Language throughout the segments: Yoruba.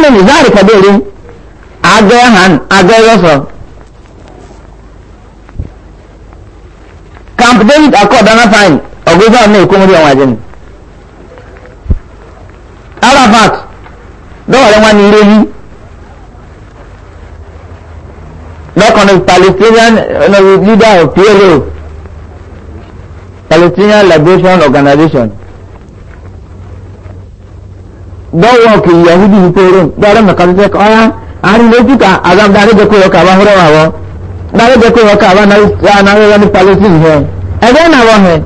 ana ni zari kadiri aga han aga camp david akọ dana fine ogogo na ekomori ọwa jini arafat dọwọrẹ wọn ni ilé yìí lọkàn ní palestinian leader of plo palestinian liberation organization dɔwɔ ke yahudi yi pere dɔwɔrɛ mɛ kɔtɛ kɔ ɔya ari lɛti ka azam dari de ko yɔ kaba hɔrɔ wa wɔ dari de ko yɔ kaba na na yɔ ni palestine hɛ ɛdɛ na wɔ hɛ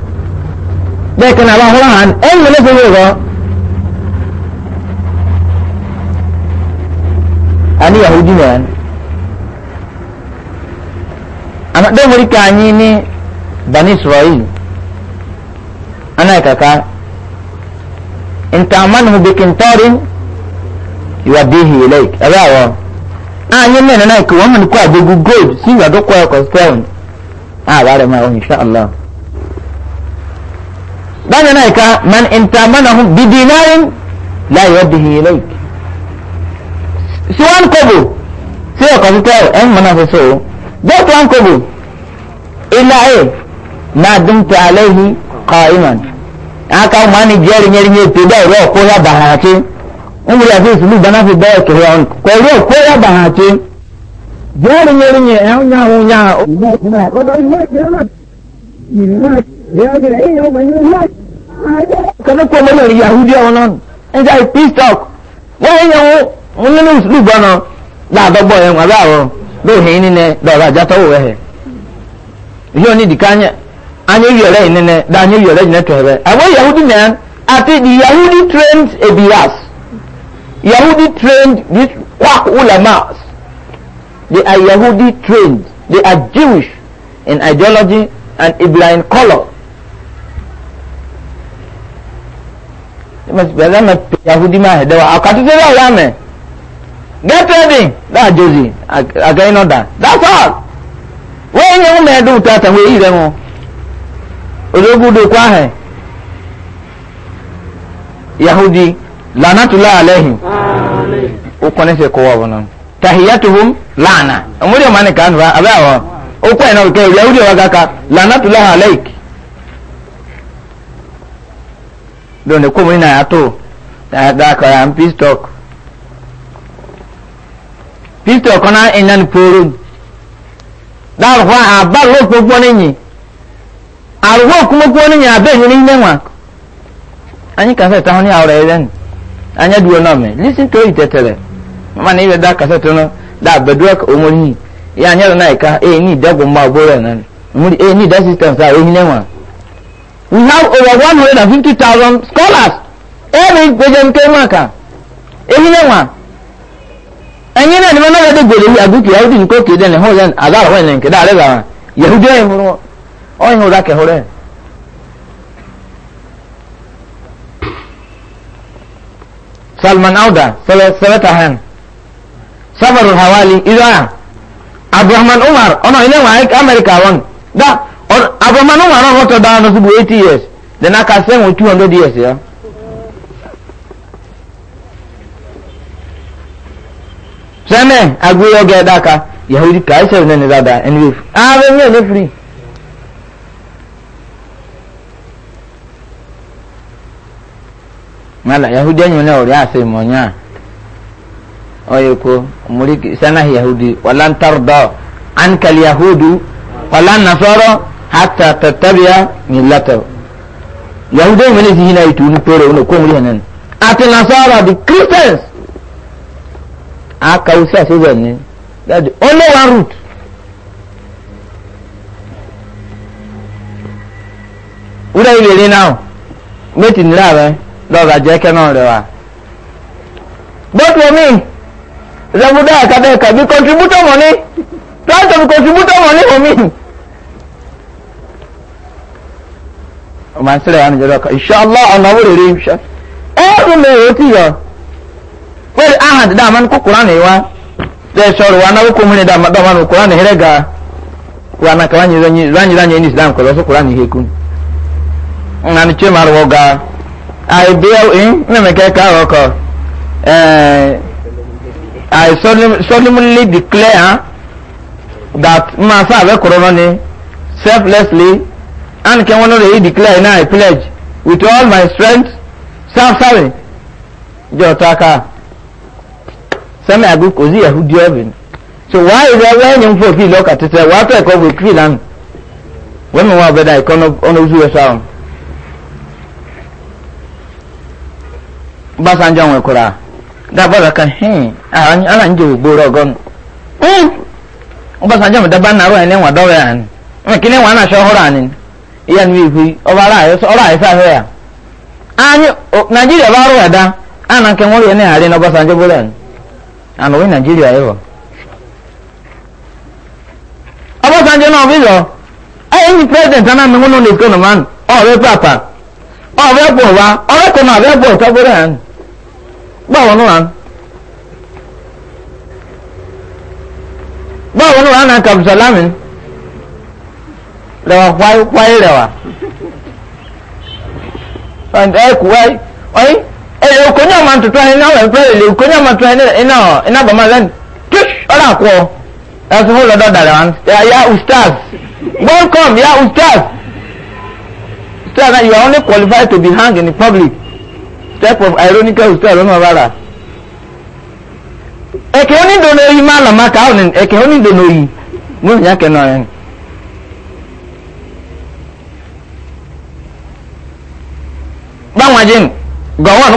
bɛɛ kana ba hɔrɔ han ɛn mɛ ne fɛ yɛ wɔ ani yahudi na yan ama dɔwɔri ka anyi ni bani israel ana kaka إن تعمله بكنتار يوديه إليك أبا آه يلا أنا كوا من كوا بيجو جود سيجا دو كوا كوستون آه بعد ما إن شاء الله بعد ذلك من إن تعمله بدينار لا يوديه إليك سوان كبو سيجا كوستون أم منافسه دوت وان كبو إلا إيه ما دمت عليه قائما aka mani jeri nyeri nyeri pe da ro ko ya bahati umri ya fi sulu bana fi da ke ya ko ro ko ya bahati jeri nyeri nyeri ya nya hu nya ko do ni ni ya ga e yo ban ni kana ko mo ni yahudi onon en ja peace talk wa ya wo mo ni sulu bana la do bo e wa ba wo do hin ni ne do ra ja to we he yo ni dikanya anyị yọrọ ịnene da anyị yọrọ ịnene tọrọ awọn yahudi na ati the yahudi trained ebias yahudi trained these quack ulamas they are yahudi trained they are jewish in ideology and ibrahim color bẹ̀rẹ̀ mẹ yahudi máa hẹ̀ dẹ́wà àkàtúntò náà yá mẹ́ get ready dáa jozi àgẹ́yìn náà dá that's all wọ́n yẹn ń mẹ́ẹ̀ẹ́dùn tó àtàwọn èyí rẹ̀ wọn. ozogudokwa ahụ yahudi lanatula alehi ụkwọne se kụwa ọbụna tahiyatuhum lana omori ọmani ka anụ abịa ahụ ụkwọ ịnọ nke yahudi ọwa gaka lanatula alehi dị onye omori na ya atụ da ka ya pistok pistok na-enye poro dáhùn fún abá lóòpọ̀ gbọ́n nìyí. arugo kuma ko ni nyabe ni ni nenwa anyi kasa ta honi awra eden anya duwo na me listen to it tetele mama da kasa to da bedua omori ya anya na ika e ni dago ma gboro na muri e ni da system sa e nenwa we have over 150,000 scholars every gbejem ke maka e ni nenwa anyi na ni mana da gboro yi abuki ya udi ko ke den ho yan azara wen nke da re yahudi e muru ọyìn hó dákẹ́ hó rẹ̀. salman auda sẹlẹta hàn safaru hawali israel abdulrahman umar ọmọ ilé wọn amẹrika wọn da abdulrahman umar ọmọ tó dáa lọ síbu eighty years then aka sẹ́wọ̀n two hundred years ya. sẹ́mẹ̀ agbóyọ̀gẹ̀ dáka yahudi kàí sẹ́wọ̀n ẹni dáadáa ẹni wẹ́ẹ́ fún. ààrẹ mi ò ní mala yahudi anyu ne ori ase monya oye ko muri sana yahudi walan tarda anka al yahudu walan nasara hatta tattabi'a millatahu yahudi mene si hina itu ni pere uno ko muri hanan ati nasara the christians aka usa season ni that only one route Ura ibere now. Metin rawe lọ́ọ̀dà jẹ́kẹ́ náà rẹ̀ wá. bóòtù omi rẹ̀múdà àkàbẹ̀ẹ̀kà bí contributor money plant of contributor money omi. ọmọ àṣírí àwọn ìjọba kan ìṣọ́lá ọ̀nà owó rèé ṣe. ẹ ẹ́ mi ò tí yọ. wẹ́rẹ̀ ahàn dídá àmọ́ kó kúrán ní wá. ṣe sọ̀rọ̀ wa náwó kó múni dá àmọ́ àmọ́ kúrán ní hẹ́rẹ́ ga. wa náà kàwá nyi rányi rányi ní ìsìlámù kọ̀ lọ́sọ̀ kúrán ní hẹ́kùn àìbíyàwó mímí kẹ́kẹ́ ọkọ̀ I solemnly declare that máa sáàbẹ̀ kúrọ́nà ni selflessly and kí wọ́n lórí declare náà I pledge with all my strength self-serving jọ taka sẹ́mi àgbo kò sí ẹ̀hú di ọ̀bìn so why is there when you fulfil ọkà títẹ̀ wàá tó ẹ̀kọ́ bò kí lánàá wọ́n mi wọ́n abẹ́dá ìkọ́nà ọ̀nà ojú ẹ̀ sáwọn. Obasanjo nwekwara dabara ka hee ala nje ugboro ọgọnụ Obasanjo mụdaba na arụ anyị na-enwa dọwa ya anyị nke na-enwa a ọhụrụ anyị ya na ihu ọbara anyị sa ahụ ya anyị naijiria bụ arụ ya da a na nke nwere na harị na Obasanjo bụrụ anyị anụghị naijiria ịhụ Obasanjo na ọbịzọ anyị ndị prezidenti anaghị menwe n'ụlọ ikonomi ahụ papa ọ bụ ụwa ọ bụ na ọ bụ ụtọ bụrụ anyị báwo ló wà báwo ló wà náà kàbùsàlámì rẹwà kwai kwai rẹwà ẹ kú wáyé ọyí ẹ lè okò ní ọmọ àtútù ẹni náà wẹ̀ pẹ́ẹ́rẹ́ lè okò ní ọmọ àtútù ẹni náà iná bàmá lẹ́nu kí ọ̀rọ̀ àkọ́ ẹ sọ fún lọ́dọ̀ dàrẹ́ wọn ya ustaz welcome ya ustaz ustaz you are only qualified to be hanged in public type of ironical style ọmọ bára ẹ̀kẹ́ onídòna oyi máa nà máa káwọn ní ẹ̀kẹ́ onídòna oyi ní ìyá kẹ́nà ẹ̀ báwọn ajé gọ̀wọ́n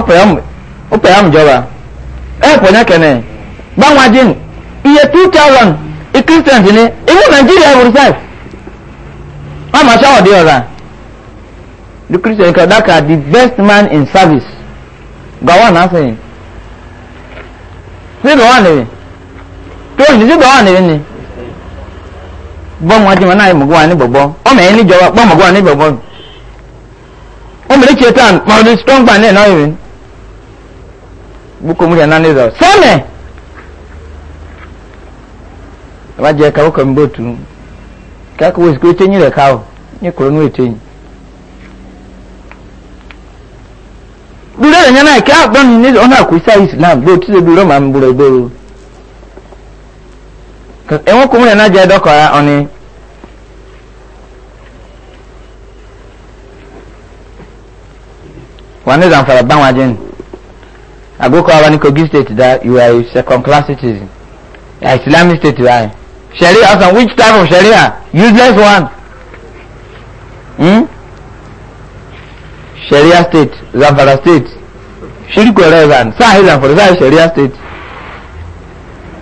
ó pẹ̀yà mùjọba ẹ̀ pọ̀ ní kẹ́nà báwọn ajé iye two thousand christian ni ibu nàìjíríà ẹ̀rù five wọ́n máa ṣáwọ̀ ọ̀la the christian kọ̀ dákà the best man in service gawa na sɛn si gawa ne bi tóyìn si gawa ne bi ni bɔn wadima naa ye mɔgɔ wa ne bɔbɔ ɔmɛ yɛ ni jɔba bɔn mɔgɔ wa ne bɔbɔ ɔmɛ ne tiɛ tan mɔgɔ de strong ban ne n'ayi bi bukomu yɛ nane zɔ sɛmɛ a b'a jɛ ka o kɔni b'o tunu k'a ko wo sikiri tɛ nyi rɛ ka nye kɔlɔn n'o ye tɛ nyi. dúró lẹ́yìn náà kí àgbọ̀n ní ọ̀nà àkùsá islam bó tí ebi rọ́mà ń búrọ̀ ìgboro. ẹ̀wọ̀n kò múlẹ̀ náà jẹ́ dọ́kọ̀ra ọ̀ni. wọn ní zamfara báwọn ajẹ́ ni agbókọ̀ àwọn kogi state dá you are second class citizen islamic state wa sharia asan which type of sharia useless one. Hmm? sharia state zamfara state shirko revan sahi zamfara sahi sharia state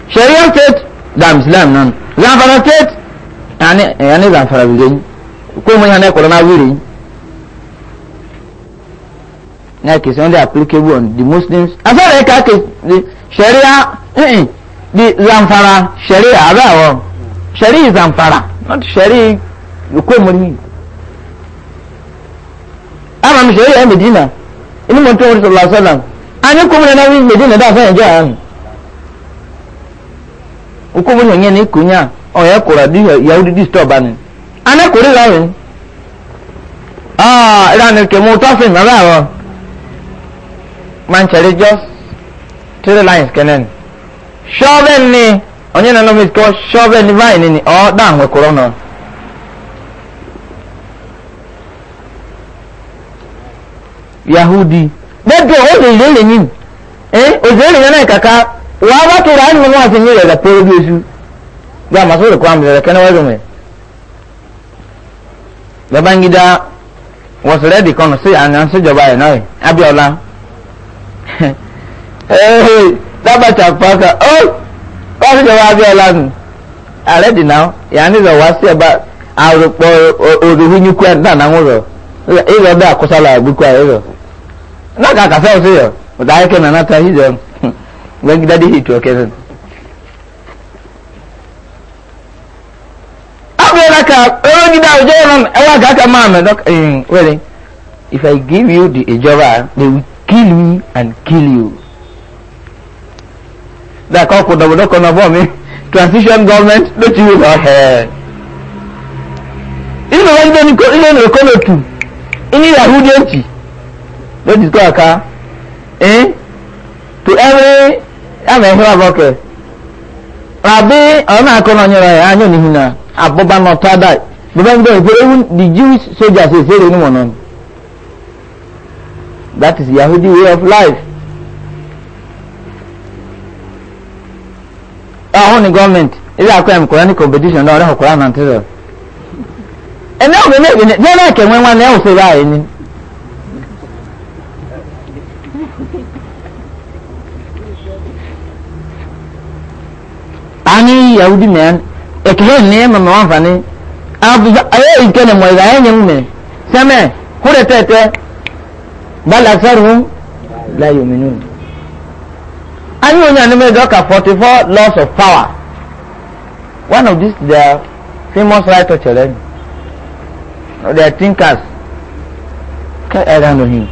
sharia state dam islam nan zamfara state yani zamfara bilen ko mun yana corona wuri na ke only applicable on the muslims asara ka ke sharia eh the zamfara sharia abawo sharia zamfara not sharia ko mun ama mi sori ẹ medina inú mọ tó ń sọ lásánà anyi kòmù nana wí medina dá fẹyìn jẹ àárín okòmù nìyẹn yẹn ní kònyà ọ̀yẹ́ kòrò di yahudi disturb ani anẹ kòrò láwìn aa ah, ìlànà kẹmú tó fẹ nàrà àwọn manchari just three lines kẹnẹn sọ́ọ̀bẹ̀ ni ọ̀nyẹ́ nana mi kọ́ sọ́ọ̀bẹ̀ ni báyìí ni ọ̀ dá àwọn kòrò náà. yahudi bẹ́ẹ̀ o lè lè lẹ́yìn ẹ́ òṣèré lè náà kàkà wàá bá tó ra nínú àti ní ìrẹ̀lẹ̀ pé ojú oṣù bí a máa sọ̀rọ̀ kọ́ àmì ìrẹ̀lẹ̀ kẹ́ni wọ́n zọmọ̀ ẹ̀. Bangida was ready kan sí àná síjọba ẹ̀ náà abiola dábàtà pàkà ó wọ́n síjọba abiola nù ààrẹ dìnnà yàrá ìzọ̀ wá sí ẹ̀bá àròpọ̀ òdòwúnyíkú ẹ̀ náà náà ń rọ̀ ìrọ̀ bẹ́ẹ̀ àkọsálà àgbékú àìrọ̀ na ka ka sɛw seyɛ ɔdaa yɛ kɛ nana hi zɛm wɛngi dadi hi tuɔ kɛsɛn abirɛ na ka ɔyɔngi da yɛ nan ɛwɔ ka ka maa mɛ dɔk ɛn wɛrɛ if i give you the ijɔba they will kill me and kill you daa kɔ kó dɔbɔdɔ kɔ nɔbɔ mi transition government ló ti wù lọ hɛɛ ilé wɛngi dɛ ni kó ilé ni kó lè tu ilé yahoo dé what dis called aka eh to every ama ehe aboke rabi ọ̀nà akọ́nà ọ̀nyẹ̀rọ̀ na abọ́ba náà tá a dá bàbá mi bẹ́ẹ̀ fẹ́ ewu the jewish soldiers ṣe that is yahudi way of life. ọ̀hún ni gọ́ọ̀mẹ̀ntì ebi akọ ẹ̀ mkọ̀rọ̀ ní competition na ọ̀rẹ́ ọ̀kọ̀rọ̀ àná na ẹ̀ na ọ̀gbìn na ẹ̀gbìn na kẹ̀wé wọn náà na wọ́n fẹ́ báyìí ni. ni yahudi mɛ ekihen ne ma ma wan fani abu aye ikene mo ga aye nyem me same hure tete bal aksaruhum la yu'minun ani onya ne me doka 44 laws of power one of these their famous writer chelen or their thinkers ka era no him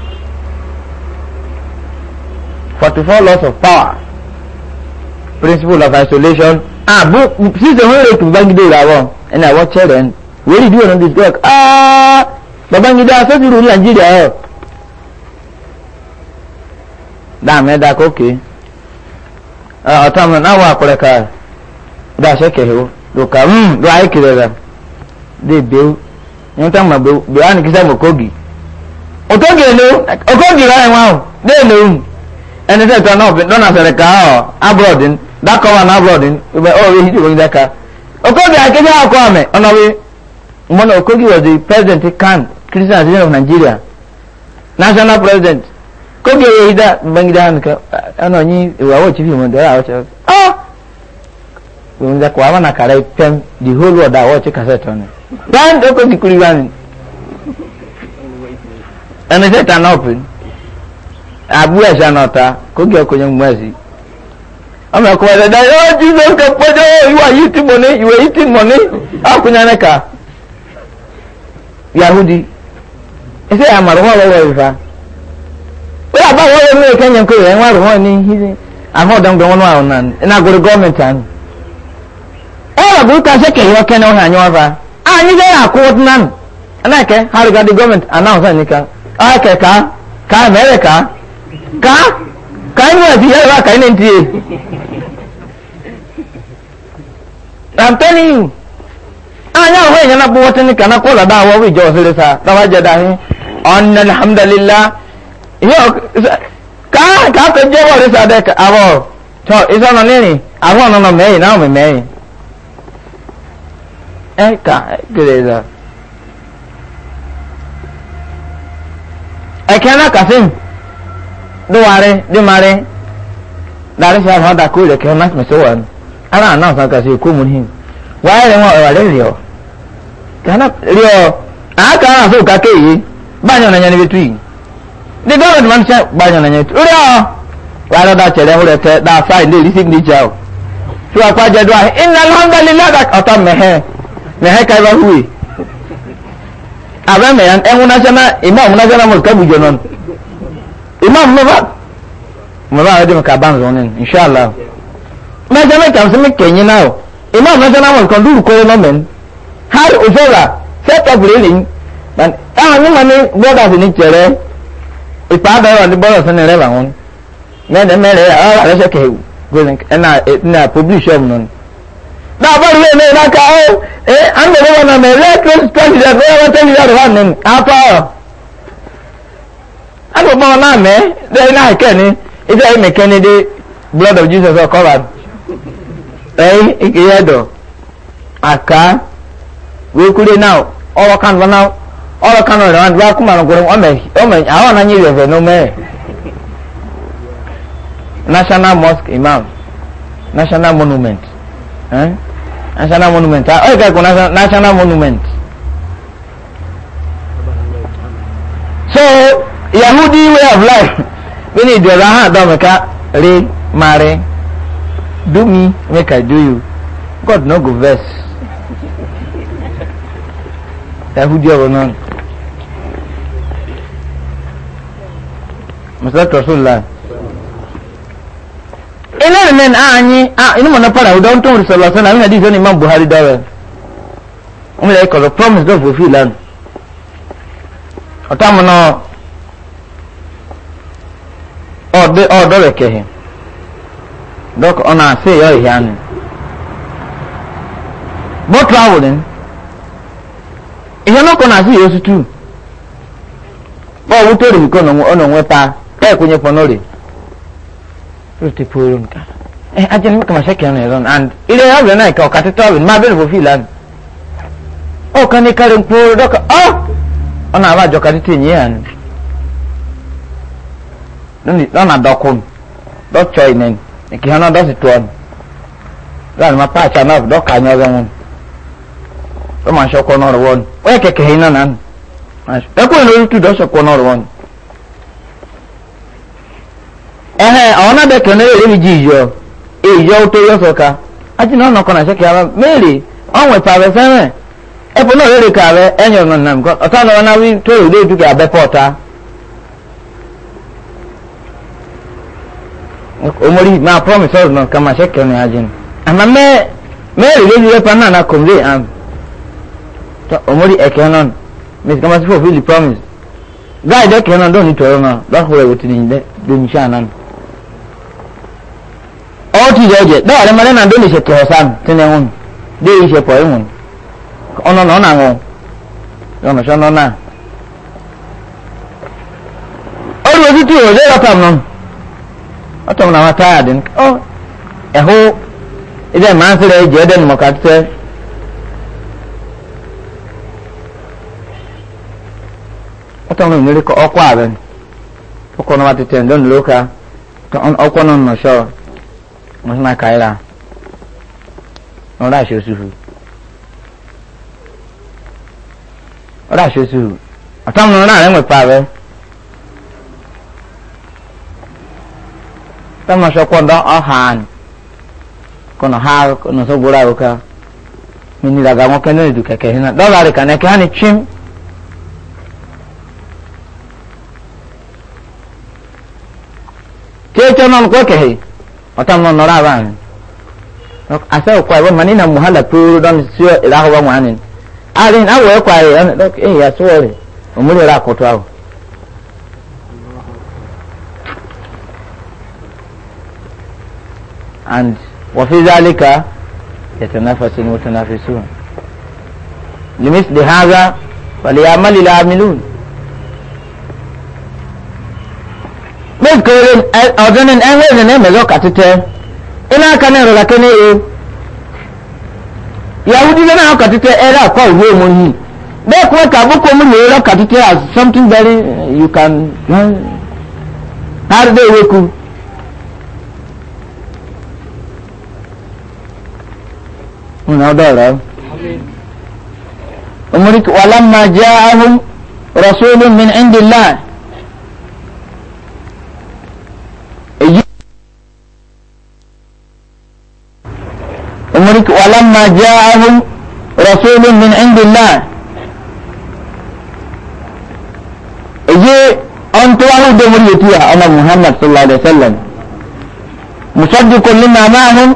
44 laws of power principle of isolation ah bu sise hore to babangida ìràwọ̀ ẹni àwọ̀ chẹ́rẹ̀ ẹni wẹ́rì ìdíwọ̀n ní this work ah babangida asọ́sìrò ní nàìjíríà ẹ̀ dáàmú ẹ̀dá kókè ọ̀tọ́mọ̀ náà wà àpẹẹrẹ ká dáṣẹ́ kẹ̀hẹ́ lóka hmm do ló ayé kiri rẹ̀ dé bẹ́ẹ̀ ní wọ́n mọ̀ bẹ́ẹ̀ wọ́n ní kí sẹ́mu kógi òkógi èlò òkógi rẹ̀ wọ́n dé èlò ẹni tẹ̀ tọ́ náà lọ́nà sẹ̀rẹ̀ ká ọ̀ abúlọ̀dín. that cover na blood ebe ọ bụ ihe onye daka okogi akeji akọ ame ọnọbi mmanụ okogi was the president kan christian association of nigeria national president kogi eyi mgbe mbangide ha nke ọnụ nyi iwe awọ chief imo ndọrọ awọ chief ọ onye daka wa na kara ipem the whole world awọ chief cassette ọnụ plan okogi kuri wani ẹni sẹta náà pin abu ẹsẹ náà ta kogi ọkọ nye mmụọ ẹsẹ. ama akuma dada oh jesus ka oh you are eating money you are eating money akunyane ah, ka yahudi ese ya mara wọn lọwọ ìfà ó yà bá wọn lọwọ ìkẹyìn nǹkan yẹn wọn rò wọn ní hídí àwọn ọ̀dọ́mọdé wọn náà nà ní agolo gọọmenti àná ẹ yà bú ká sẹkẹ yọ kẹ ní ọhàn ànyẹ wọn gọọmenti america kai wa ti yawa kai nan tiye I'm telling you anya ah, ho nya na buwata ni kana ko la dawo wi jo sele sa tawa jada he anna alhamdulillah yo ka ka ko je wa re sa de ka abo to isa no ni awon no no me na me me e ka greza e kana kasim duware dimare dare shi ha da kure ke mas me sowan ana nan san ka sai ko mun hin waye ran wa wale riyo kana riyo aka na so ka kee ba nyo na nyane betu yi de government man sha ba nyo na nyane betu riyo wala da chere hure te da sai de signature o so akwa je do inna alhamdulillah da ata mehe mehe kai ba huwi abẹ́ mẹ́yàn ẹ̀hún náṣẹ́ náà ìmọ̀ ọ̀hún náṣẹ́ náà mọ̀ kábùjọ náà imam no ba mo ba de ka ban zo nin inshallah ma je me kam se me kenyi na o imam na jana mo kan du ko no men har ufora set up really dan ah ni ma ni boda se ni chere ipa da ro ni boda se ni re ba won me de me re ah re se ke go nin na na publish am non da ba ri ne na ka o eh an de wa na me re close president wa wa tell you that one apa Ago ba na me, de na ke ni. Ise me ke ni de blood of Jesus o covered. Eh, ike do. Aka we kure now. All kan ba now. All kan ro and ba kuma ro gurum o me. O me awon na nyi re no me. National Mosque Imam. National Monument. Eh? National Monument. Ah, okay, national, national Monument. So, yahudi way of life we need the raha don make re mare do me make i do you god no go vex yahudi of none musalatu rasulillah ilé rìnnẹ́ni àányi inú mọ̀nà padà ọ̀dọ́ tó ń sọ̀rọ̀ sọ́nà àwọn ìdíjọ́ ni imam buhari dáwẹ̀ wọ́n mi lè kọ̀rọ̀ promise don fulfill land ọ̀tá mu náà ọdẹ ọdọ rẹ kẹhẹ dọk ọna ase yọ ìhìá ni bọ travelin ìhìá náà kọ na ase yọ sutu bọ ọwọ tó rìn kọ ọnà òun pa ẹ kò rute puoro nka ẹ ajẹ ní kàmá sẹkẹ ọnà ẹrọ and ilé ẹyà ọbẹ náà ẹka ọkà títọ ọbẹ má bẹrẹ fòfin ìlànà ọkàn ní kárí nkúrò dọkà ọ ọnà àbájọ kàdí tẹ ìyẹn àná. lọ́nà dọ́kun dọ́tsọ ìnẹ̀ kì í hàn náà dọ́sì tó ọ̀nù lọ́nà máa pàṣẹ náà dọ́kà ní ọ̀gá wọn lọ́ máa ṣọkọ náà rọwọ́ nù ó yẹ kẹ̀kẹ́ yìí náà nànú ẹkú yìí lórí tù dọ́sọ̀kọ náà rọwọ́ nù. ẹhẹ àwọn náà dẹkẹ ní èrè mi jí ìyọ èyọ tó yọ sọka àti náà nàkọ náà ṣẹkẹ ara mẹ́rẹ̀ ọ̀wọ̀n ìpàrẹ̀ fẹ́rẹ̀ ẹ̀pọ̀ náà rẹ̀ kàrẹ̀ ẹ̀yọ̀ nà omori ma promise ọrụ nọ kama se kẹrin ajin ama mẹ mẹrin lórí rẹ pan náà na kòmlé am tọ omori ẹkẹ nọ miss kama se fulfil the promise guy dẹ kẹrin náà dọ̀ ní tọrọ náà lọ́kùnrin rẹ̀ wòtí nìyí dẹ lóyún iṣẹ́ àná nù. ọwọ́ tí ìjọ jẹ dáwà lẹ́mọ lẹ́nà dọ́ lè ṣe tọ̀rọ̀ sáà tẹ́lẹ̀ wọn dé iṣẹ́ pọ̀ ẹ̀wọ̀n ọ̀nà náà náà wọn lọ́nà sọ́nà náà. ó lọ sí tí ò ọtọ na wọn táyà dín ọ ẹhó ẹdẹ màá sẹrẹ ẹjẹ ẹdẹ ni mo kà sẹ. ọtọ na onírè kọ ọkọ àbẹ ọkọ náà wà tètè ẹ̀ lónìí lóka ọkọ náà nà sọ na kàìlà wọn rà aṣọ sùfù wọn rà aṣọ na wọn rà rẹ ń tamasha kwanda ohan kono ha kono so gura uka mini daga mo kene du ka na dollar ka ne kehani chim ke chanon ko kehi otam no nora ban ok asa ko wa mani na muhala puru don siyo ila ho wa mwanin arin awo ko ay ok eh ya sore umuri ra ko tawo and وفي ذلك يتنافس المتنافسون لمثل هذا فليعمل العاملون mezikorin ọdụnin enwezi na-emezi ụka tete ịna aka na ịrụla kene e yahudi na ụka tete ere akwa uwe omuhi bekwe ka bụkwa mu na ere ụka tete as something very eh, you can ha wake up. من دورة أمريك ولما جاءهم رسول من عند الله أمريك ولما جاءهم رسول من عند الله إجي أنت وعود مريتيها أمام محمد صلى الله عليه وسلم مصدق لما معهم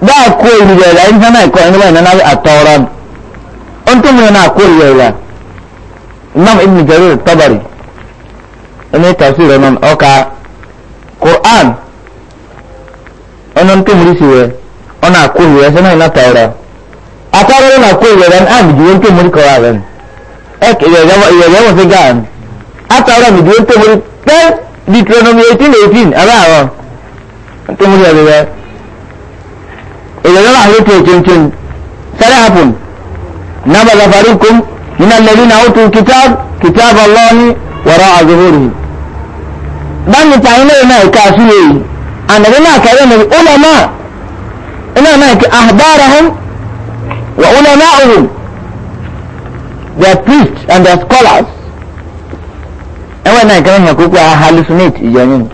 da ko yi da in sana ko in wani na at-tawrat on to mun na ko yi da imam ibn jarir tabari ne tafsir nan oka qur'an onon to muri siwe ona ko yi da sana na tawra atare na ko yi da an bi ah, won to muri ko wa ban ek ya ya ya ya wa gan atara mi won to muri Deuteronomy 18 18 ara wa to muri ya إذا نرى هلوكي تنتن سلحب نبذ فريق من الذين أوتوا الكتاب كتاب الله وراء ظهورهم بني تعيني ما يكافيه أنا بما كلمة العلماء إنما ما أحبارهم وعلماؤهم their priests and their scholars ẹwọ́n náà kẹ́rin yẹn kókó hallucinate ìjọ yẹn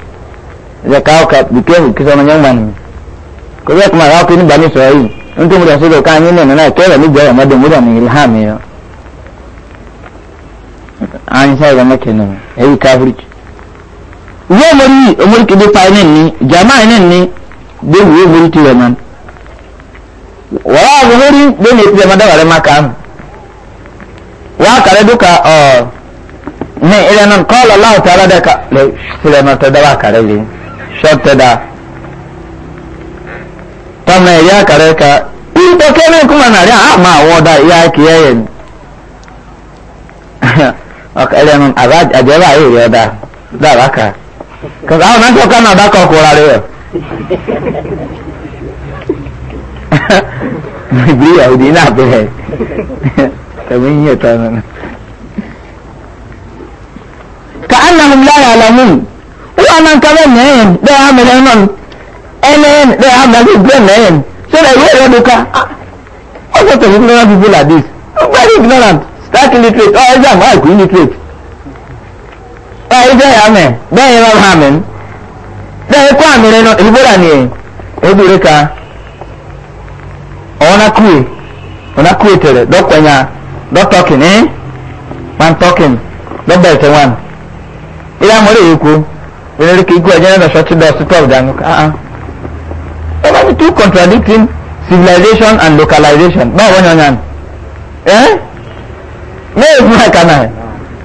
zakaoka bìkẹ́hù kí sọ́nà yẹn gbà nìyẹn kò bẹ́ẹ̀ kó máa wá pé nígbà ní sọ̀rọ̀ yìí ń tó mo dà sílẹ̀ káà yín náà náà kẹ́rẹ̀ nígbà ẹ̀rọ mọ́dún mo dà ní ilé hàn mí o. àwọn iṣẹ́ ìrọ̀ mẹ́kẹ́ nù ẹ̀rí káfíríkì. ìwé omori yìí omori kìdí pa iná ní jàmáà iná ní bẹ́ẹ̀ ìwé omori ti rẹ̀ mọ́. wàá àwọn omori bẹ́ẹ̀ ni ètò ìrẹ̀ wà rẹ̀ má kàánù. wàá kàrẹ́ dúkà ọ̀ọ́ ní ilẹ̀ náà kọ́ tamna ya kare ka in to kene kuma na ria ah, ma woda ya kiyaye ah, ni akale nun azad ajaba yi yoda da baka ka za nan ko kana da ko korare bi ya udi na be ta min yi ta nan ka annahum la ya'lamun wa nan kaman ne da amilan NN, they have nothing blame NN. So that where Rebuka, all sorts of ignorant people like this. Very ignorant, stark illiterate. Oh, exam, why could illiterate? Oh, exam, amen. Then you know, amen. Then you come, you know, you go down here. Ebireka, ọ̀nà kúwe, ọ̀nà kúwe tẹ̀lẹ̀, dọ́kọ̀nyà, dọ́tọ̀kìn, ẹ́ one talking, dọ́bẹ̀ẹ̀tẹ̀ one. Ilé amọ̀lẹ́ yìí kú, ìrẹ́lẹ́kẹ̀ igbó ẹ̀jẹ̀ náà lọ́sọ̀tún dọ̀ọ̀sì tọ́ọ̀bù dànù ká. ó bá ní two contradicting civilization and localization báwo wọ́n yan yan ẹ́ mẹ́rin fún ẹ̀ka náà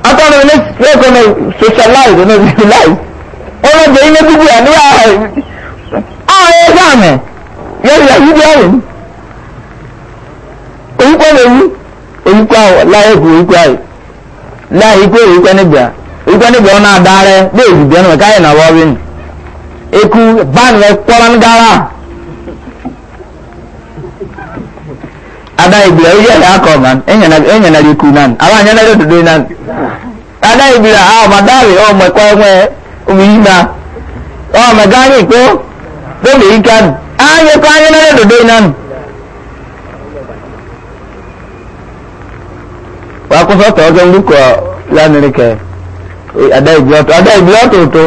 akọ́ni ní lẹ́ẹ̀kan náà socialize ní civilize ọlọ́dẹ ilé gbígbé ẹ̀ ní àwọn ẹ̀ sáàmì yẹ́n yẹ́ yí bẹ́ẹ̀ rìn orúkọ lèyí orúkọ àwọ̀ láyé kú orúkọ àyè láyé ikú orúkọ nígbà orúkọ nígbà ọ̀nà àdá rẹ bí èyí bẹ́ẹ̀ nù káyẹ̀ náà wọ́ọ́rìn eku báàmì ẹ̀ kọ́ra ń gára. ada ibira iya ya ko man enya na enya na liku nan awa nya na do nan ada ibira a ma dawe o mo kwa nwe o mi na o ma ga ni ko do mi kan a ye ko anya na do nan wa ko so to ga nduko la ni ke ada ibira to ada ibira to to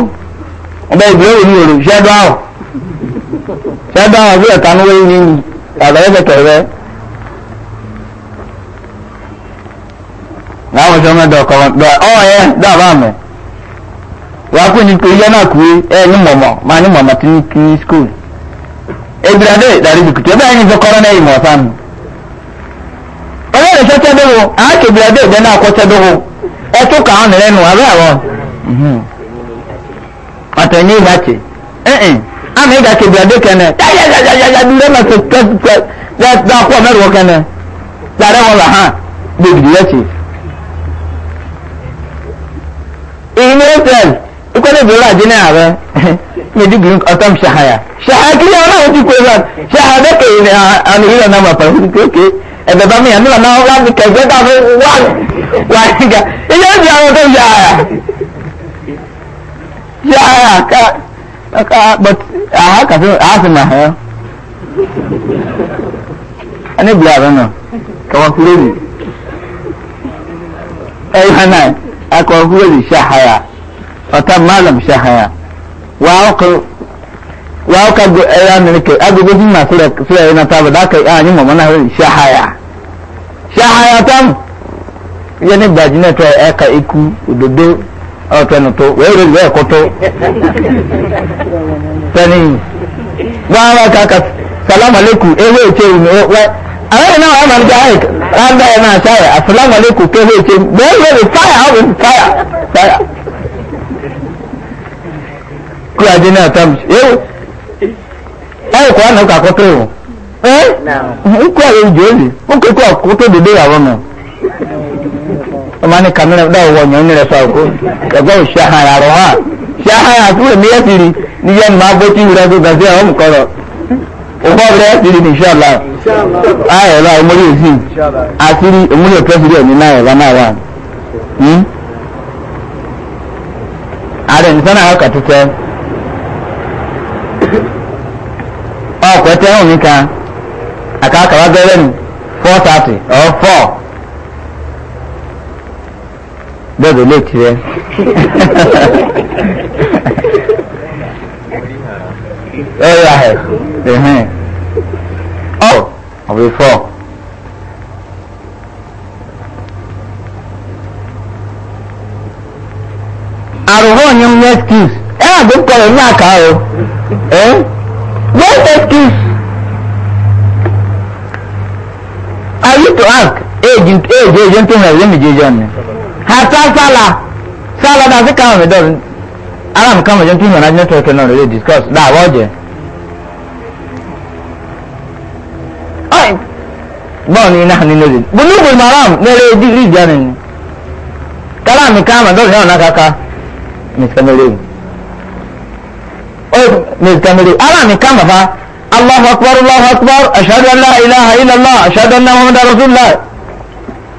ada ibira ni o se do a se do a bi e kanu we ni ada e be to be na awon sọmọ dọkọ ọ ẹ dábàá mi wàá kú ni kìí yẹn náà kú ẹ ní mọ̀mọ́ máa ní tí ní kí skul ebirade dàrí bìkìtì ẹ báyìí ní sọ kọ́rọ́ náà yìí mọ̀ sáà mi ọlọ́run sọ tẹ́dọ̀wọ́ àáké ebirade ìgbẹ́ náà kọ́ tẹ́dọ̀wọ́ ẹ tó kà á nìrẹ́ nù abẹ́ àwọn ẹ̀ẹ́n àmì ebirade kẹ́nẹ̀ sọ ìyìn ẹsẹl ìkọlẹ ìbúrọ àdínà ààrẹ mẹdìgìrì ọtọm ṣahaya ṣahakiri àwọn àwọn ti kó ẹgbẹ ṣahadẹ kèyí ni àwọn ìyìn ọ̀nà àmàpà fún kéèké ẹ̀bẹ̀ bá mi yàn nílò náà wà ní kẹ̀kẹ́ tà fún wà wà nígbà ìyẹn ẹsẹ àwọn ọtọm ṣahaya ṣahaya ká ká but àhà kàfé àhàfin mà hàn ẹni bìlà àrùn náà kàwọn kúrò ní ẹ̀yìn hàn náà. أكو هو ذي شاحيا فتم مالم شاحيا وأوكو وأوكا أيام لك أبو جدي ما سلك سلك أنا تابع ذاك يعني ما منا هو شاحيا شاحيا تام يعني بجنة توا أكا إكو ودودو أو تنتو ويرد ويكوتو تاني وأنا كاكا سلام عليكم إيه ويتشي àwọn ìnáwó ẹ̀ máa ń jáde ráńdà ẹ̀ máa ṣáyà àfúlámọ̀ ní kò kéwé ṣe bẹ́ẹ̀ lórí fáyà ó bẹ̀rẹ̀ fáyà fáyà. kú adé náà tọ́ mi ṣe é báyìí kò wá náà kà kótó ìwọ̀n ẹ́ ń kó àwọn ìjọ òlì ó kó kó àkótó dédé ìyàwó mi. ọmọ ní kàmílẹ̀ dáwọ̀ wọ̀ ọ̀yàn ní rẹ̀ fà kó ẹ̀gbọ́n ò ṣe àhàrà rọ̀ hàn ṣe àhàrà fún èmi ẹ̀ ụfọdụ ya siri n'ishala ayọrọ emori ezi asiri emori president ní náírà náírà hmm? ààrẹ nìkan náà ọkà títẹ ọkọtẹ ọhún nìkan àkàkàwá gẹrẹ ní four thirty or four bẹẹ bẹ late rẹ. area head ẹ̀hìn all of the four. àrùbọ̀ yẹn ní excuse ẹ àgbẹ̀ kọ̀ ẹ̀ ní àká o ẹ̀ no excuse. I used to ask agent agent agent to help me, Jason. Has Sala Sala does it count? It doesn't. Alam, kama jẹ́ kí ìmọ̀ náà network náà lè discuss láàárọ̀ ọ̀jẹ̀. bọ́ọ̀ ni iná nínú rẹ̀ gbólógbò maram mẹ́rẹ̀ ojú rí ìjà nìyí kárá mi ká àmàdọ́ ìyá ọ̀nà kaka mr mary oh mr mary ara mi ká màfá allahu akbar allahu akbar ashadu an la ilaha illallah ashadu anna muhammadu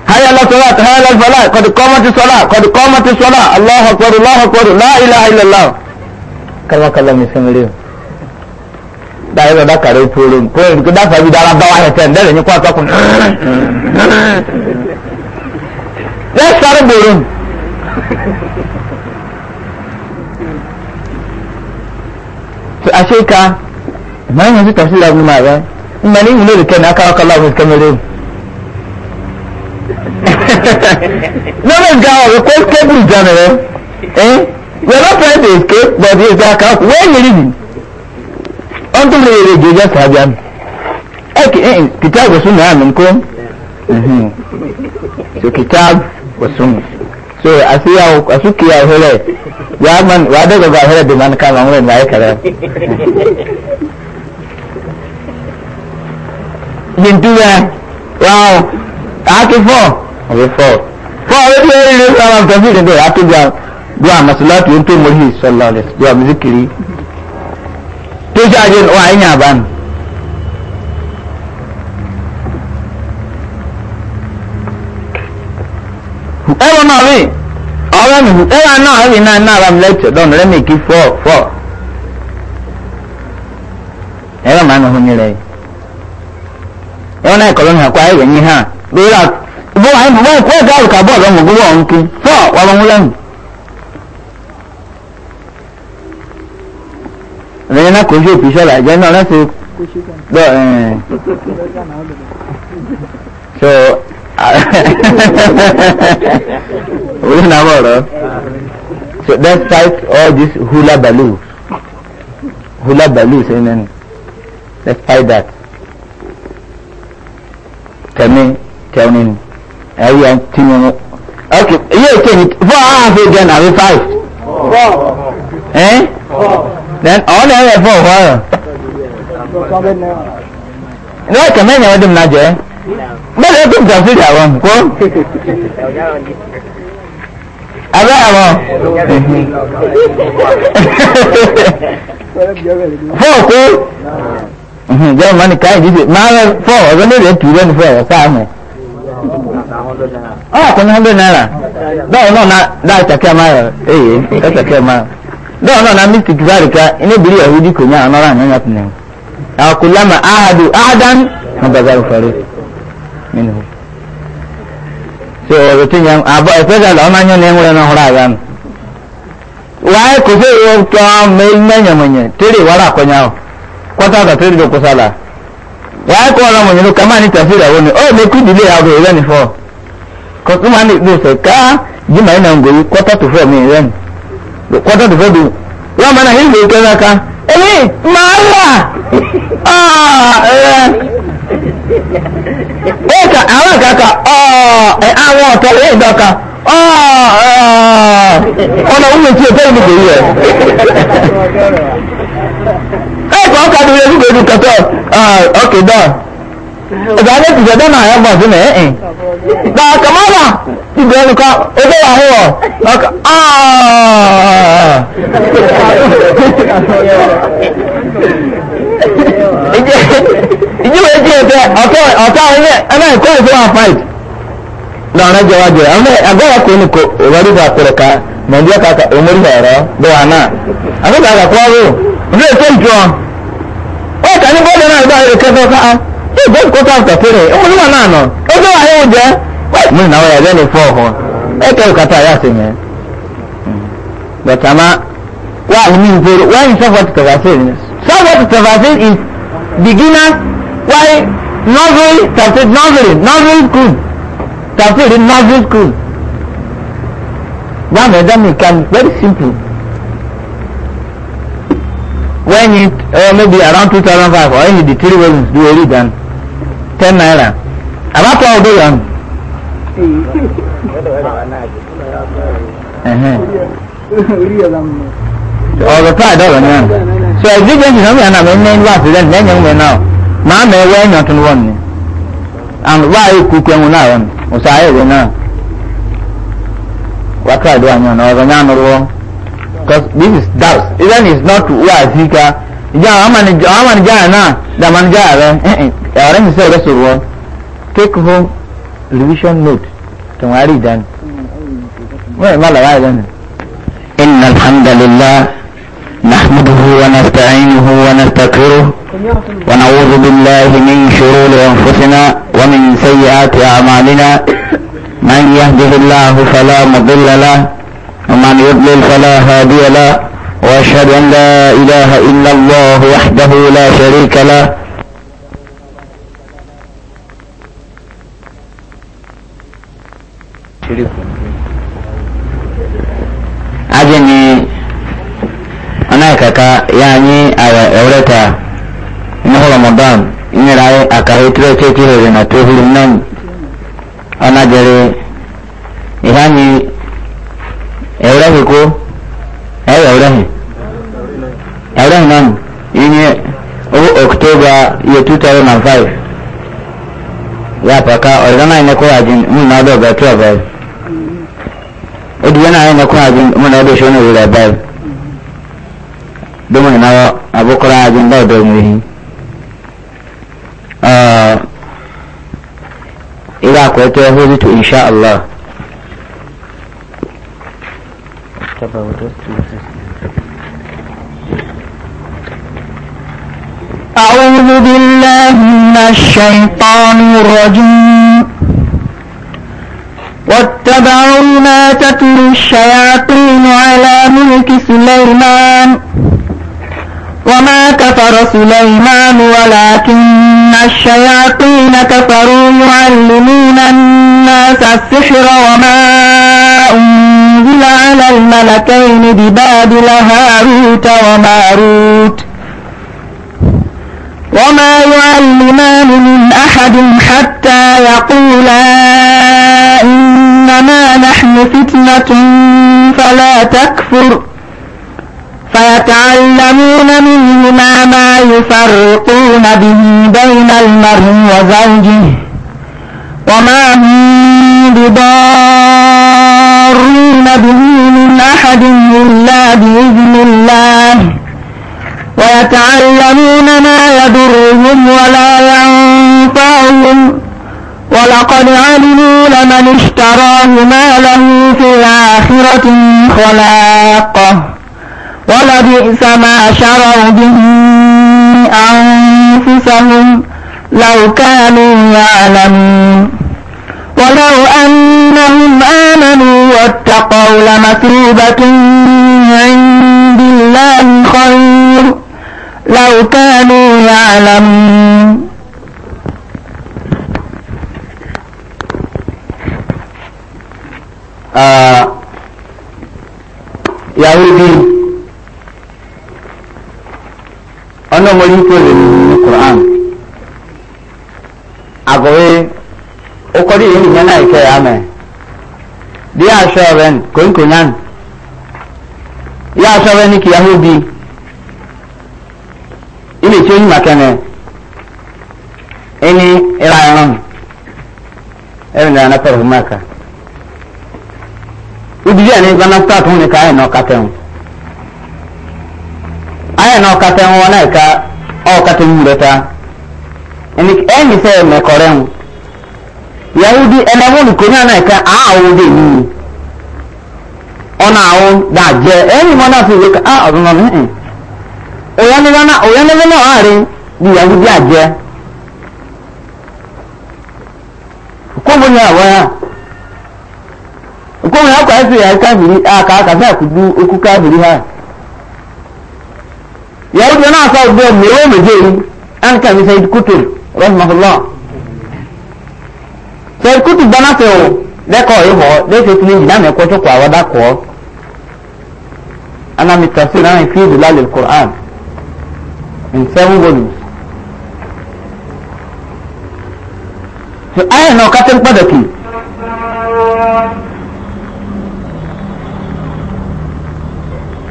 هيا للصلاة هيا للفلاح قد قامت الصلاة قد قامت الصلاة الله أكبر الله أكبر لا إله إلا الله كلمة الله مسلم da yau da kare turin ko yanzu da fa da rabba wa hatan da ne kwa ta kun ya sar burun to ashe ka mai yanzu tafsira mu ma ba in mani ne da kai na kawo kallahu kamar no no ga ọ̀rọ̀ kó kébù ìjànà rẹ we are not trying to escape but it's like uh, where you living? on tó lè rè jẹ jẹ sàájà mi ẹ kì í kìtàb wọ sunu àmì nkó so kìtàb wọ sunu so àṣeyà àṣùkìyà òhèrè wàá man wàá dẹ́gbẹ̀gbẹ̀ òhèrè dè man kàn ọ̀hún rẹ̀ ní ayé kẹrẹ. yìntúwẹ̀ wàá akífọ̀ ọ̀rẹ́ fọ́ fọ́ ọ̀rẹ́ tí wọ́n rí rí sára nǹkan sí ìrìnbẹ̀ àtúgbà bí a masalatu ń tó mọ́lì sọ́lá rẹ̀ bí a mùsíkiri tó ṣe àjẹ́ wà ẹ̀yìn àbáni. ẹ̀rọ náà rí ọ̀rẹ́ mi ẹ̀rọ náà rí náà náà rà mí lẹ́tọ̀ dọ́nù rẹ́mi kí fọ́ fọ́ ẹ̀rọ màá nù hún nílẹ̀ ẹ̀rọ náà ẹ̀kọ́ lónìí àkọ́ ayẹyẹ yín hàn lórí àkọ́ bó wàá mú wọn kó gáàrú ká bọ́ọ̀lù ọmọ gbogbo ọ̀hún kí fọ́ wàá lọ́mú lẹ́yìn. lẹ́yìn náà kò sí òbí sọ̀rọ̀ àjẹ́ náà láti gbọ́ ẹ̀ẹ́n. so orí náà bọ̀ rọ. so let's fight all these hula balloons hula balloons ẹ̀yìn náà let's fight that. Tell me, tell me ẹ̀yẹ tí mo ok yóò tẹ̀ ní four hours ago then àbí five. four. ẹ́n eh? then ọ̀hún náà yẹ four wọ́ọ̀rọ̀. ní wọ́n kẹ̀mẹ́ ìyẹn wọ́n dì mí lájẹ́ bẹ́ẹ̀ ló tún tẹ̀sí ìjà wọn kó. abẹ́ àwọn. four kú. jẹ́ ìmọ̀ nìkan ìdíje máa ń fọ̀ ọ̀gá lórí ètò ìrẹ́ni fún ẹ̀rọ sáà mi ọ kò ní hundred naira dọ́ọ̀ náà na dá ìtàkì àmà rẹ̀ èyí ìtàkì àmà rẹ̀ dọ́ọ̀ náà na mystic zari ká iná ìbílẹ̀ yahudi kò ní àwọn ọ̀rọ̀ àná yàtọ̀ nìyẹn àwọn kò lámà ahadu ahadan na bazar fari nínú. so ọ̀rọ̀ tí yẹn àbọ̀ ẹ̀fẹ́dà làwọn máa ń yẹn ní ẹ̀wọ̀n náà húrà àyà nù. wàá kò fẹ́ ìwọ̀n tó mẹ́yìn mẹ́yìn mọ̀nyẹ̀ tẹ́lẹ̀ wàrà kọ́nyà kọ́tà àtàtẹ́lẹ̀ wàá kọ́ ọ̀rọ̀ mọ̀nyẹ́nu ká máa ní tàfíì ìràwọ̀ ni ó lè kú ìdílé àgọ́ ìrẹ́ ni fọ́ kọ́tù máa ní ìdúrósẹ̀ ká jìmọ̀ iná ń gòyí kọ́tà tó fọ́ mi ìrẹ́ ni kọ́tà tó fọ́ wọ́n máa náà ká èmi máa wà àwọn àwọn ọ̀tọ̀ ẹ̀ ìdọ́ka ọ̀nà òun ẹ̀kọ́ ọkà tó yẹ kúkú ẹ̀dùn kẹtọ ọkè dá ọ̀gá ẹ̀dẹ́ tìjọ dẹ́nà ayé bọ̀ sí mẹ́ẹ̀ ẹ̀ gba kàmáàlà tìjọ ẹnu ká ẹgbẹ́ wà hó ọ ọkà ìjọba ẹjẹ ẹtẹ ọtọ ọtọ ẹnẹ ẹnẹ ẹkọ ẹfọ àfáìt náà ọ̀nà jẹ wájú ẹ agbára kò ní kò ìwádìí bá pẹ̀lẹ̀ ká mọ̀ ní ọkà ọmọ ìgbà ẹ̀rọ bẹ́ẹ̀ wà náà àbúkà àgbà kọ́ ọ́ zai son juwa o ka ni bọ́ọ̀lù náà ìbá rẹ̀ kẹfẹ́ ká ṣé ìbọn kó tá àǹtà fẹ́rẹ̀ ẹ̀ mọ̀lúmọ̀ náà nọ ó gbé wàá yóò jẹ́ mú ìnáwó ẹ̀ lẹ́nu fọ́ ọ̀hún ẹ̀ kẹ́ òkàtà yà sí mi bàtà má wà ní ìfẹ́rẹ́ why is self-worth tafasir self-worth tafasir is beginner why novel tafsir novel novel school tafsir novel school. One of them can very simple when it uh, maybe around 2005 or any the three weddings do already done 10 naira about how they done or the pride of an so if you don't know me and I'm in the accident then you may now now may wear not in one and why you cook when you are on or say I will now what pride do I know or the man or wrong because this is doubt even it's not wazika ja amani amani ja na da man ja re eh eh are ni sai rasul wa take home revision note tumari dan wai mala wai dan إن الحمد لله نحمده ونستعينه ونستغفره ونعوذ بالله من شرور أنفسنا ومن سيئات أعمالنا من يهده الله فلا مضل له ومن يضلل فلا هادي له واشهد ان لا اله الا الله وحده لا شريك له ya paka organa ina ko ajin mun na do ga to ba odi yana ina ko ajin mun na do shono wura ba do mun na abukura ajin ba do mu ah ila ko to hudu insha Allah tabawato من الشيطان الرجيم واتبعوا ما تتلو الشياطين على ملك سليمان وما كفر سليمان ولكن الشياطين كفروا يعلمون الناس السحر وما أنزل على الملكين ببابل هاروت وماروت وما يعلمان من أحد حتى يقولا إنما نحن فتنة فلا تكفر فيتعلمون منهما ما يفرقون به بين المرء وزوجه وما من بضارين به من أحد إلا بإذن الله ويتعلمون ما يضرهم ولا ينفعهم ولقد علموا لمن اشتراه ما له في الآخرة خلاقه ولبئس ما شروا به أنفسهم لو كانوا يعلمون ولو أنهم آمنوا واتقوا لمثوبة عند الله لو كانوا يعلمون yahudi ọ̀nà mọ̀lì tó lè ní quran àgọ̀wé ó kọ́dí yìí nìyẹn náà ìkẹ́ àmẹ́ bí aṣọ rẹ̀ kòńkònyán bí aṣọ rẹ̀ ní kí yahudi. ètò yìí màkẹ́nẹ̀ ẹni na ayọ̀rọ̀ ẹ̀rọ ìlànà náà pẹ̀lú mẹ́ka ìdílé ẹni gbaná start hún ni ká ayẹ̀ náà kàtẹ́hùn ayẹ̀ náà kàtẹ́hùn wọn náà ká ọ̀ rẹ̀ ta ẹni sẹ́yẹ̀ mẹ́kọ̀rẹ́ yahudi ẹnẹmúni kò ní àná ẹ̀ka àáwọ̀ dè ní ọ̀nà àwọn dàjẹ́ ẹni mọ́ fi wé ká ọ̀dùnmọ́ mi òyánilọ́nà òyánilọ́nà àárín ni yahudi àjẹ́ kóbo ni àwọn ya kóbo ni akọ̀ ẹ̀sìn yàrá káfìrí àkà àkàfẹ́ àkùdú okú káfìrí ha yahudi náà sọ ọgbẹ́ mìíràn méje yìí án kàmi sayid kutub rahmatulah o kutub bá náà fẹ́wọ̀ lẹ́kọ̀ọ́ ìhọ̀ lẹ́sẹ̀ tí ní ìdáná ẹ̀kọ́ tó kọ̀ àwọn dákọ̀ọ́ anamita sí náà fi ìdúlá lè kọ̀ án. in seven volumes. so ayé náà kátó pàtàkì.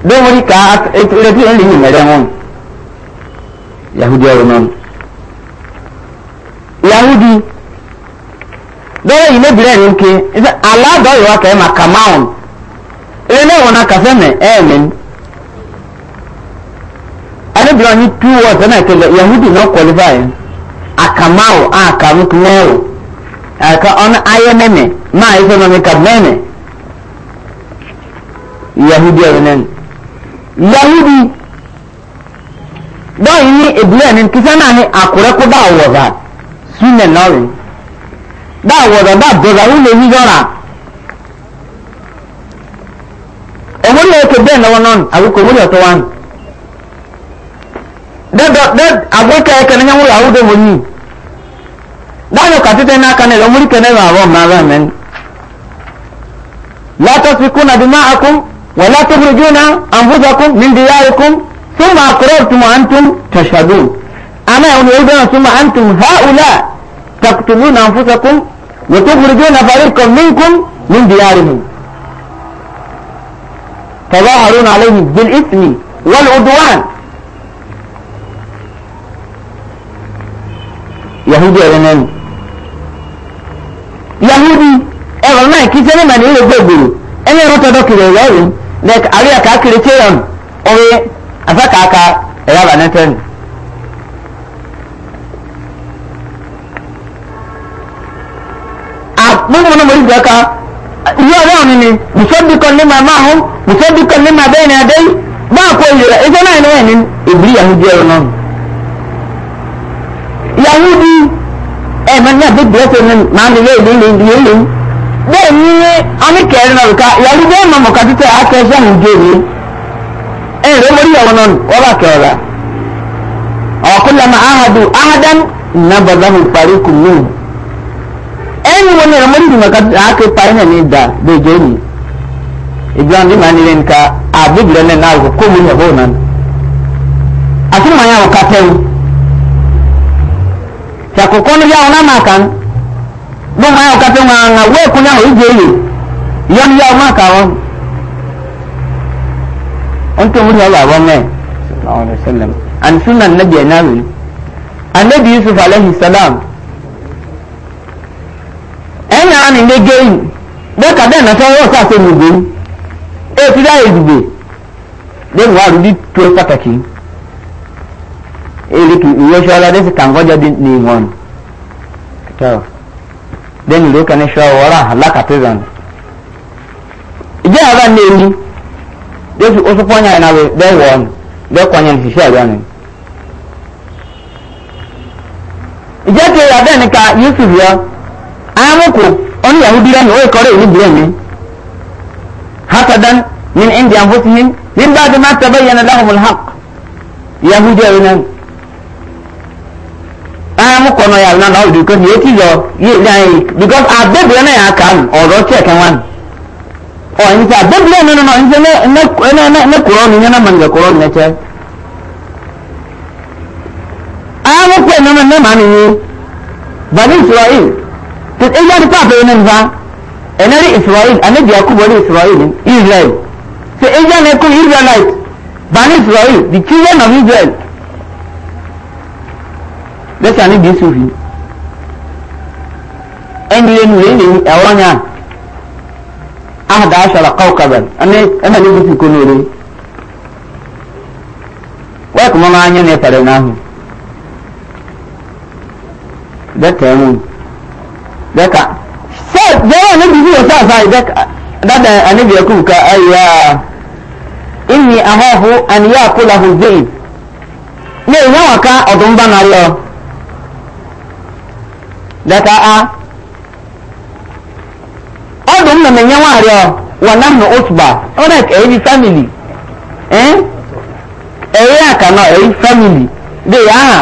lórí ká ẹtí ẹni yìí mẹrẹ wọn yahudi ọrọ náà yahudi lọ́wọ́ yìí lébìrẹ́ rẹ̀ ń ké aládọ́ ìwà kẹ́ ẹ̀ mà kàmáwọn ẹ̀ náà wọn náà kàfẹ́ mẹ́ ẹ̀ mẹ́ni maybe on two words when I tell you Yahudi not qualify akamao akamukmeo aka on ayenene ma iso na mikamene Yahudi ayenen Yahudi don ini iblenin kisana ni akure ko da woza sunne nori da woza da doza ule hijora omori eke bẹ́ẹ̀ lọ́wọ́ náà àbúkò omori ọ̀tọ̀ wa nù. لا ولا تخرجون انفسكم من دياركم ثم اقررتم وانتم تشهدون اما يقولون ثم انتم هؤلاء تقتلون انفسكم وتخرجون فريقا منكم من ديارهم تظاهرون عليهم بالاثم والعدوان yahudi ẹ̀rọ náà nù yahudi ẹ̀rọ náà kí sẹ́ni mà ní ilé gbẹ̀gbẹ̀rẹ̀ ẹni ẹ̀rọ tọ́tọ́ kiri ẹ̀rọ rẹ̀ lẹ́k àríyá ká kiri tẹ́yọ̀n ọ̀rẹ́ afẹ́kàáka ẹ̀rọ àbànẹ́tẹ́ nù. àpòmọ́ náà mo rí gbẹ́ka ìyá ọlọ́run ni mùsọ́bí kan ní màmá ahọ́ mùsọ́bí kan ní màbẹ́ẹ̀ni adé báàkó ìlera ẹgbẹ́ náà ní ìbírí yahudi ẹ̀rọ náà man na bi biya ko nan ma ni le le le le le be ni ami kere na ka ya ri be ma mo ka ti ta ka se mu je ni e re mo ri awon non o ba ke ora aw kullama ahadu ahadan nabadahu fariqun min en wo ni mo ri ma ka ta ka pa ni da be je ni ibi an di ma ni len ka abibire ne na ko ko mu ne ho nan asuma ya o ka a chakokono yao namakan duma yao kapeŋaŋa wekunyaho ijeyi yon yao makawon onto muriho babome sallallahu wasallam an sunan nabi enawi annabi yusuf alayhi salam ẹnyaani ne geyi dẹka dẹ nàtọ yọ e sọ àṣẹ nìgbẹ ẹ ti dá èdìgbẹ dẹ wàá rudi tó pàtàkì iliki iyoshwala desi tangoja ni ngon sawa then luka ne shwa wala halaka tezan ije aba neli desi usuponya na we de won de kwanya ni shisha yani ije ke ya de ni ka yusuf ya amuku oni yahudi ran o kore ni bire ni hasadan min indi anfusihim min ba'di ma tabayyana lahum alhaq yahudi ran ɛn mu kɔ no yɛ alina na ɔdi because yɛ ti yɔ yɛ yɛ yɛ because abebire na yɛ aka no ɔdɔ kyɛ kɛn wa no ɔ n sɛ abebire no no no n sɛ ne ne ne ne ne korɔ no nyɛ na manga korɔ no kyɛ ɛn mu kɔ no no ne ma no yi bani israel te eya de paapa yi ne nfa ɛnɛ de israel ɛnɛ de akubɔ de israel israel te eya ne ko israelite bani israel the children of israel dẹ́ka níbi ìsúfì ẹni lẹ́nu lẹ́nu ẹ̀wọ́ ni à ahada aṣara kawkabal ẹni ẹni níbi ìsúfì kò lóore wẹ́ẹ̀kì mọ́ máa ń yẹn ní ẹ̀fẹ̀rẹ̀ náà hù dẹ́ka ẹ̀mú dẹ́ka sẹ́ jẹ́wọ́ níbi ìsúfì wọ́n sáà sáà dẹ́ka dada anibi ẹ̀kú ka ayọ̀ inni ahọ́hu àníyá kúlahù zéyìn ní ìyáwó ká ọ̀dùnbá náà lọ. daga a ọdụm na menye nwaanyị ọ wana m na ụtụba ọ na eh? ka eyi famili eyi aka na eyi famili dị ya aha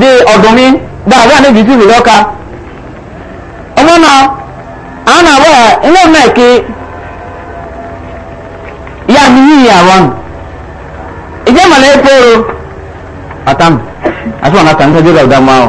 dị ọdụmị dàgbà na ebisi ụlọ ọka ọmụ a na-agba ya ihe m eke ya n'ihi ya arụ ije mana ekporo atam asụ ọ na-ata ndị ọjọọ ga-aga mma ahụ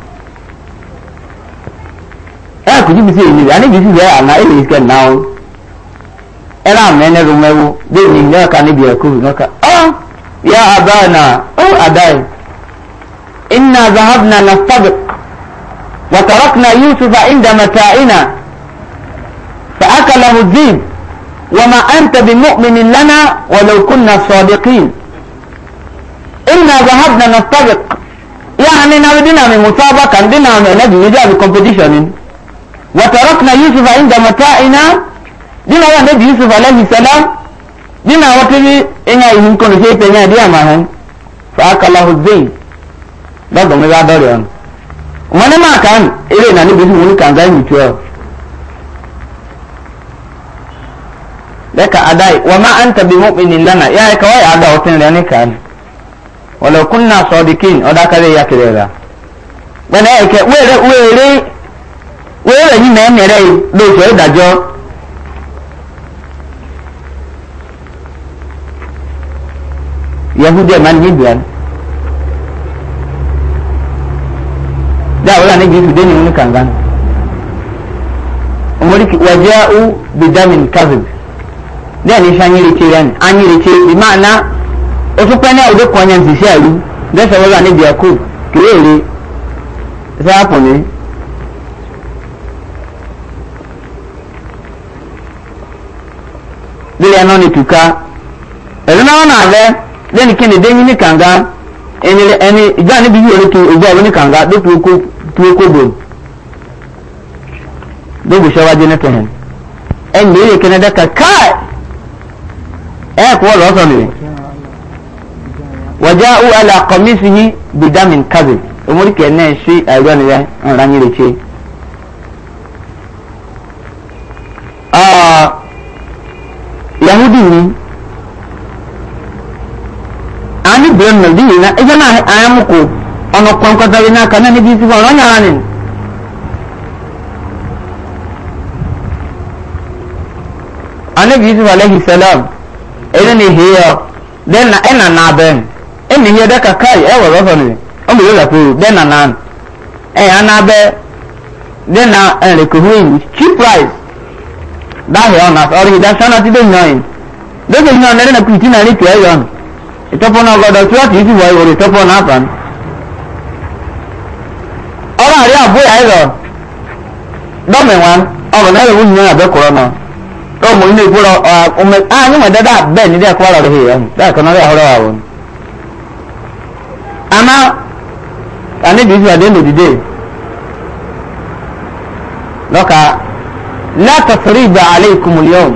အဲ့ကူကြီးမသိဘူးညာနေကြည့်ကြည့်ရအောင်ငါအဲ့ဒီကနောင်းအဲ့ဒါမင်းနဲ့ကမဲဘူးဒီနေကကနေပြခုနော်ကအော်ယာအဘာနာအော်အဒိုင် إنا ذهبنا نستبق وتركنا يوسف عند متاعنا فأكله الذئب وما أنت بمؤمن لنا ولو كنا صادقين إنا ذهبنا نستبق يعني نريدنا من مسابقة عندنا من نجم جاب competition وتركنا يوسف عند متاعنا دينا يا نبي يوسف عليه السلام دينا وتبي إنا يمكن شيء تنا ديا ما هم فأك الله الزين ده دم لا داريان وانا ما كان إلي ناني بيسو مني كان زي ميتوا لك أداي وما أنت بمؤمن لنا يا كواي أدا وتن لاني كان ولو كنا صادقين أدا كذي يا كذي لا وانا يك ويري ويري wéèrè yìí mẹ́mẹ́rẹ́ lóṣù ìdájọ́ yahudi ẹ̀ máa ní ìdùn ẹ̀ dáwọ́ lànà ìgbésù dé nínú kàngán ọmọdéki wàjẹ́ ó bidamin kazib dẹ́ẹ̀ ní sẹ́ anyírètí rẹ̀ ní anyírètí bí máa ná oṣù pẹ́ẹ́nẹ́ òde kọ́nyẹ́ nsìsẹ́ àlú dẹ́sẹ̀ wọ́n lànà ìdíyàkó kéré èrè sẹ́ àpọ̀ nìyẹn. dili ɛno ne tuka ɛno na ɔna abɛ de ne kene denyi kanga ɛne ɛne gya ne bi yi ɔne tu ogu ɔne ne kanga do tuo ko tuo ko bom do bu hyɛ wagye ne tɛn ɛne yɛ kene dɛ ka kaa ɛyɛ e kɔ wɔlɔ ɔsɔ ne wagya u ala kɔmisihi bidamin kabe omori kɛ ne ɛhye awura ne yɛ nra nyere kye. nadini ani bilan nadini na ija na ayamuku ono kwankwata wina kana ni bisi ba ronya hanin anabi yusuf alayhi salam ɛna ne heya dɛn na ɛna naabɛn ɛna heya dɛ kakai ɛwɔ rɔfɔ ne ɔmo yɛ lakuru nan ɛyɛ eh, anaabɛ dɛn na ɛna eh, lɛ cheap price dahi ɔna ɔrihi da sanati dɛ nyoin dókè ní ọ̀nà ẹ̀rẹ́nà kìtì náà rí tìẹ́ yọ̀nù ìtọ́pọ̀ náà gọ́dọ̀ tí wọ́n ti sì wọ ìwòrò ìtọ́pọ̀ náà fàn. ọ̀rọ̀ àrí àbúyà ẹ̀rọ dọ́mẹ̀wá ọ̀rọ̀ náà ẹ̀rọ yìnyín àbẹ́ kọ̀rọ̀ náà ọmọ inú ìfúra ọmọ àánú mọ̀ dáadáa bẹ́ẹ̀ ní dẹ́kọ̀ ọ̀rọ̀ rẹ̀ yẹn dáàkọ̀ náà ọ̀rọ̀ wà wọn. àmọ́ àníbi ìfúra dé lòdìdé lọ́ka látàfẹ́rẹ́ ìgbà àlẹ́ ìkùmùlẹ́ ọ̀hún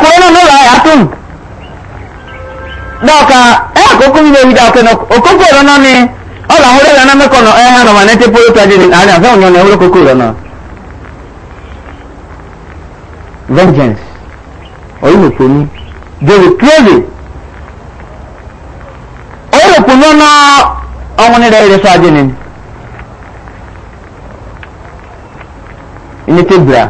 akɔyɛ no no yɛ atom dɔɔka ɛ akoko mi bɛ wi da ɔkɛ no okoko yɛ no ne ɔlɔ ahorow yɛ no mɛkɔ no ɛyɛ hã no ma ne te polo tɔ de ne ani afɛn onyɔ ne ɔlɔ koko yɛ no vengeance ɔyɛ no poni deri crazy ɔyɛ no poni ɔna ɔmo ne dɛ yɛ sɔ adi ne ne te bra.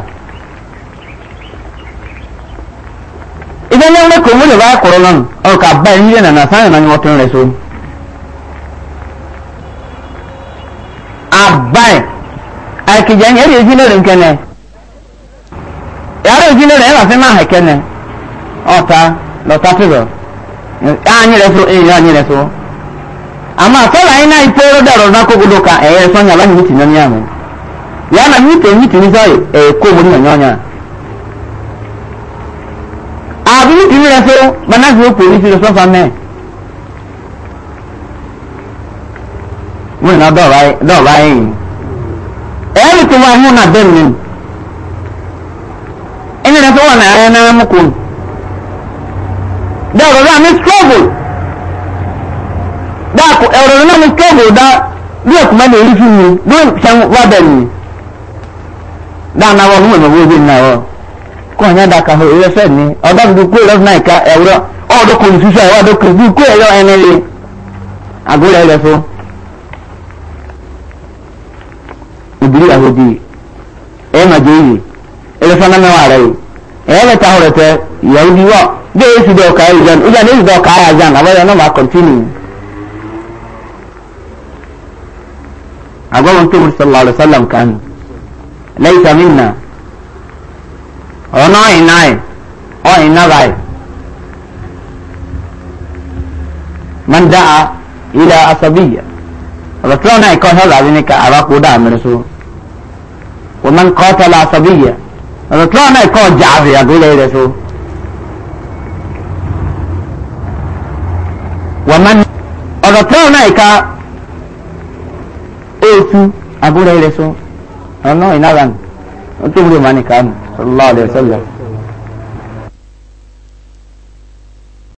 ìjọ ní ọmọ kò múlò báyà na lọ́nà ọkà báyìí na nàná sáyẹn náà ni wọ́n ti ń rẹ̀ so. àbáyì Ya ní ẹ̀rì ojú lórí nkẹ́nẹ yàrá ojú lórí ẹ̀rọ fún máa hẹ̀kẹ́nẹ A lọ́tà fìbọ̀ ààyè rẹ̀ so èyí ààyè rẹ̀ so. àmọ́ àtọ́lá iná ìpòrò dàrọ̀ náà kó gbọdọ̀ ka àbúrò kìíní rẹ pé manasi ó pèlú ìṣirò sọfà mẹ. wọ́n iná dọ̀ọ̀bá yìí ẹ̀ẹ́dì tó wà hún náà bẹ́ẹ̀ ni ẹni rẹ pé wọ́n náà rẹ náà mú kù. dọ̀ọ̀rọ̀ náà mi sọ́ọ̀bù dáàkù ẹ̀rọ náà mi sọ́ọ̀bù dá bí ọ̀kùnmọ́ lè rí fún mi bí wọ́n ṣe wá bẹ́ẹ̀ ni dáa náà wọ́n mú ìmọ̀ wọ́n bí náà wọ́n kɔnyɛ daka hɔ ɛyɛ fɛ ni ɔdɔm du kue lɔf nai ka ɛwurɔ ɔdɔ kɔn susu ayi ɔdɔ kɔn du kue yɔ ɛnɛ li agolo ɛlɛ so ibiri ahodi ɛyɛ ma jɛ yi ɛlɛ fana mɛ wa rɛ yi ɛyɛ bɛ ta hɔ rɛ tɛ yahudi wɔ de esu dɔ ka ɛyɛ zan ɛyɛ esu dɔ ka ɛyɛ zan abɔ yɛ n'ɔba kɔntini agbɔbɔn tó mu sɔlɔ sɔlɔ nkan laisa minna ọ̀nà ìná ẹ̀ ọ̀ ìná báyìí. man a, ila asabiyya ọ̀rọ̀tún náà ikọ̀ ṣọ́ọ̀lá bí ní ká àbákò dá àmì rẹ̀ so wọ́n máa ń kọ́ tọ́lá asabiyya ọ̀rọ̀tún náà ikọ̀ ọjà àfẹ́ àgọ́lẹ̀ rẹ̀ so. wọ́n máa ń ọ̀rọ̀tún náà ikọ̀ ètú àgọ́lẹ̀ rẹ̀ so ọ̀nà ìná báyìí wọ́n tó wúlò máa ní ká nù. صلى الله عليه وسلم